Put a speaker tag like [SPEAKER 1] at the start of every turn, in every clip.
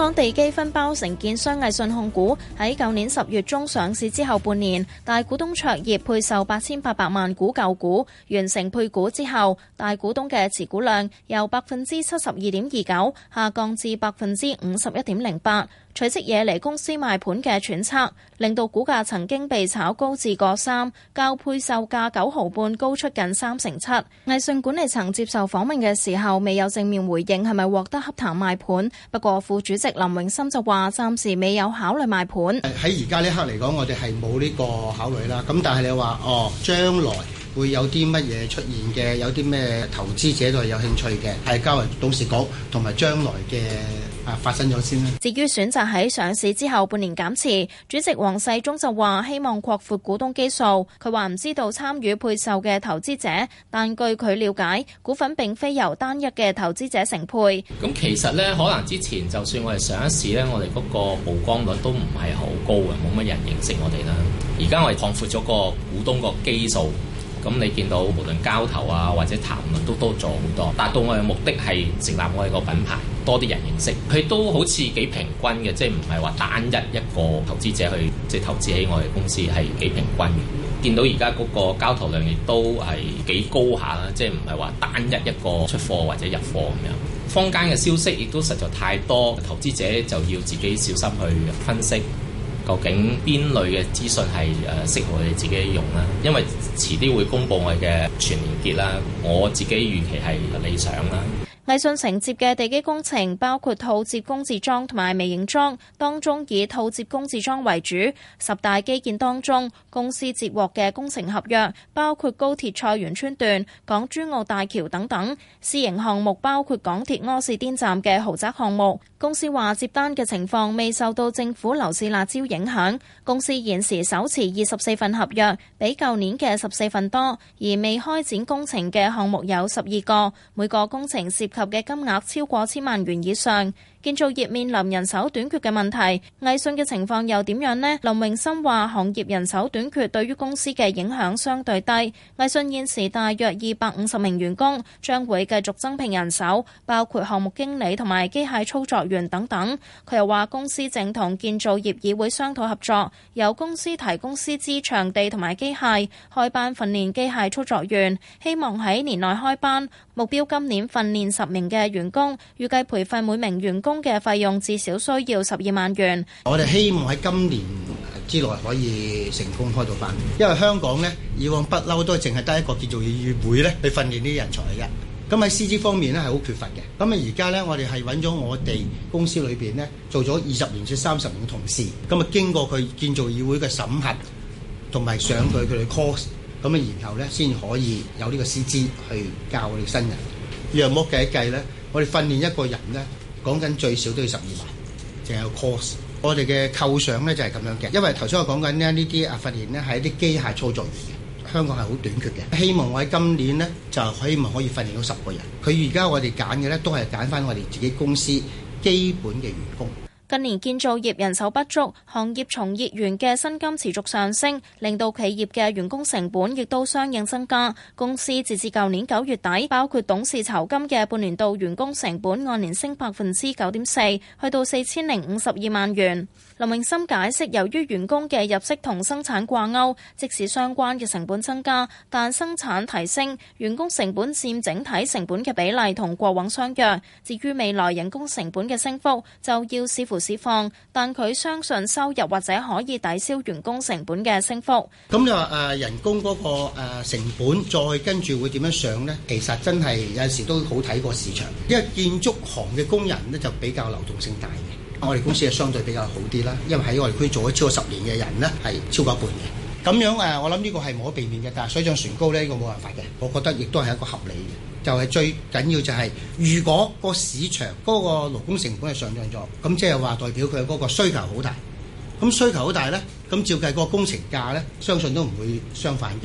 [SPEAKER 1] 香港地基分包承建商毅信控股喺舊年十月中上市之後半年，大股東卓業配售八千八百萬股舊股，完成配股之後，大股東嘅持股量由百分之七十二點二九下降至百分之五十一點零八，隨即惹嚟公司賣盤嘅揣測，令到股價曾經被炒高至個三，較配售價九毫半高出近三成七。毅信管理層接受訪問嘅時候，未有正面回應係咪獲得洽談賣盤，不過副主席。林永森就話：暫時未有考慮賣盤。
[SPEAKER 2] 喺而家呢刻嚟講，我哋係冇呢個考慮啦。咁但係你話哦，將來。會有啲乜嘢出現嘅？有啲咩投資者都係有興趣嘅，交家到時講，同埋將來嘅啊發生咗先啦。
[SPEAKER 1] 至於選擇喺上市之後半年減持，主席黃世忠就話希望擴闊股東基數。佢話唔知道參與配售嘅投資者，但據佢了解，股份並非由單一嘅投資者承配。
[SPEAKER 3] 咁其實呢，可能之前就算我哋上一市呢，我哋嗰個曝光率都唔係好高嘅，冇乜人認識我哋啦。而家我哋擴闊咗個股東個基數。咁你見到無論交投啊或者談論都多咗好多，達到我嘅目的係成立我哋個品牌，多啲人認識，佢都好似幾平均嘅，即係唔係話單一一個投資者去即係投資喺我哋公司係幾平均嘅。見到而家嗰個交投量亦都係幾高下啦，即係唔係話單一一個出貨或者入貨咁樣。坊間嘅消息亦都實在太多，投資者就要自己小心去分析。究竟邊類嘅資訊係誒適合我哋自己用啦？因為遲啲會公布我嘅全年結啦，我自己預期係理
[SPEAKER 1] 想啦。毅信承接嘅地基工程包括套接工字樁同埋微型樁，當中以套接工字樁為主。十大基建當中，公司接獲嘅工程合約包括高鐵菜園村段、港珠澳大橋等等。私營項目包括港鐵柯士甸站嘅豪宅項目。公司話接單嘅情況未受到政府樓市辣椒影響。公司現時手持二十四份合約，比舊年嘅十四份多，而未開展工程嘅項目有十二個，每個工程涉及嘅金額超過千萬元以上。建造業面臨人手短缺嘅問題，毅信嘅情況又點樣呢？林榮森話，行業人手短缺對於公司嘅影響相對低。毅信現時大約二百五十名員工，將會繼續增聘人手，包括項目經理同埋機械操作員等等。佢又話，公司正同建造業議會商討合作，由公司提供師資、場地同埋機械，開班訓練機械操作員，希望喺年內開班，目標今年訓練十名嘅員工，預計培訓每名員工。工嘅費用至少需要十二萬元。
[SPEAKER 2] 我哋希望喺今年之內可以成功開到翻，因為香港咧以往不嬲都係淨係得一個建造業議會咧去訓練呢啲人才嘅。咁喺師資方面咧係好缺乏嘅。咁啊，而家呢，我哋係揾咗我哋公司裏邊咧做咗二十年至三十年嘅同事，咁啊，經過佢建造業議會嘅審核同埋上佢佢哋 course，咁啊，然後呢，先可以有呢個師資去教我哋新人。嗯、約莫計一計呢，我哋訓練一個人呢。講緊最少都要十二萬，淨係有 course。我哋嘅構想呢就係咁樣嘅，因為頭先我講緊呢呢啲啊訓練呢係一啲機械操作員嘅，香港係好短缺嘅。希望我喺今年呢就希望可以訓練到十個人。佢而家我哋揀嘅呢都係揀翻我哋自己公司基本嘅員工。
[SPEAKER 1] 近年建造業人手不足，行業從業員嘅薪金持續上升，令到企業嘅員工成本亦都相應增加。公司截至舊年九月底，包括董事酬金嘅半年度員工成本按年升百分之九點四，去到四千零五十二萬元。林明森解釋，由於員工嘅入息同生產掛鈎，即使相關嘅成本增加，但生產提升，員工成本佔整體成本嘅比例同過往相若。至於未來人工成本嘅升幅，就要視乎。釋放，但佢相信收入或者可以抵消員工成本嘅升幅。
[SPEAKER 2] 咁你話誒人工嗰個誒成本再跟住會點樣上咧？其實真係有陣時都好睇過市場，因為建築行嘅工人咧就比較流動性大嘅。我哋公司係相對比較好啲啦，因為喺我哋區做咗超過十年嘅人咧係超過一半嘅。咁樣誒，我諗呢個係冇可避免嘅，但係水漲船高咧，呢個冇辦法嘅。我覺得亦都係一個合理嘅。就係最緊要就係、係，如果個市場嗰、嗰個勞工成本係上漲咗，咁即係話代表佢嗰個需求好大。咁需求好大呢，咁照計個工程價呢，相信都唔會相反嘅。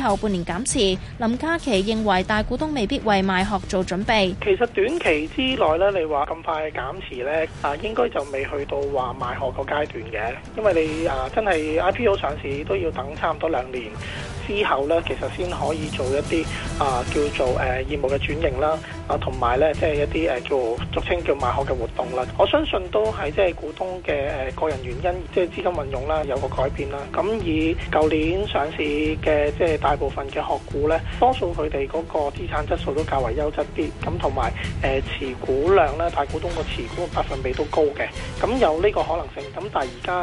[SPEAKER 1] 後半年減持，林嘉琪認為大股東未必為賣殼做準備。
[SPEAKER 3] 其實短期之內咧，你
[SPEAKER 2] 話咁快減持咧，啊，應該就未去到話賣殼個階段嘅，因為你啊，真係 IPO 上市都要等差唔多兩年。之後咧，其實先可以做一啲啊、呃、叫做誒、呃、業務嘅轉型啦，啊同埋咧即係一啲誒叫俗稱叫賣殼嘅活動啦。我相信都係即係股東嘅誒個人原因，即、就、係、是、資金運用啦、啊，有個改變啦。咁、啊、以舊年上市嘅即係大部分嘅殼股咧，多數佢哋嗰個資產質素都較為優質啲。咁同埋誒持股量咧，大、啊、股東嘅持股百分比都高嘅。咁、啊、有呢個可能性。咁、啊、但係而家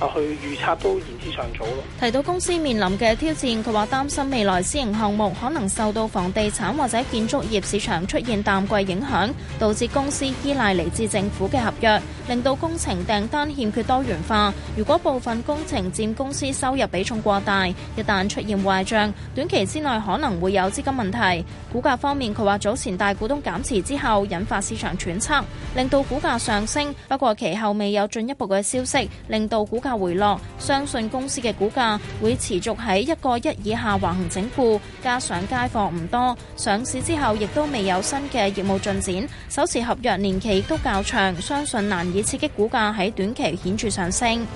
[SPEAKER 2] 啊去預測都言之尚早咯。
[SPEAKER 1] 提到公司面臨嘅挑戰，話擔心未來私營項目可能受到房地產或者建築業市場出現淡季影響，導致公司依賴嚟自政府嘅合約，令到工程訂單欠缺多元化。如果部分工程佔公司收入比重過大，一旦出現壞賬，短期之內可能會有資金問題。股價方面，佢話早前大股東減持之後引發市場揣測，令到股價上升。不過其後未有進一步嘅消息，令到股價回落。相信公司嘅股價會持續喺一個一。以下橫行整固，加上街貨唔多，上市之後亦都未有新嘅業務進展，手持合約年期亦都較長，相信難以刺激股價喺短期顯著上升。